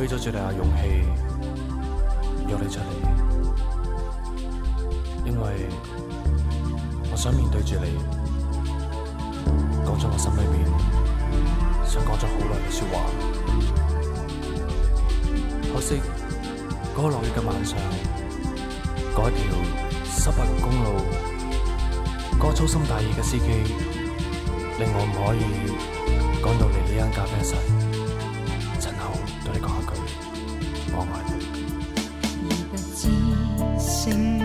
我俾咗最大嘅勇氣約你出嚟，因為我想面對住你，講咗我心裏邊想講咗好耐嘅説話。可惜嗰個落雨嘅晚上，嗰一條濕滑嘅公路，嗰個粗心大意嘅司機，令我唔可以趕到嚟呢間咖啡室。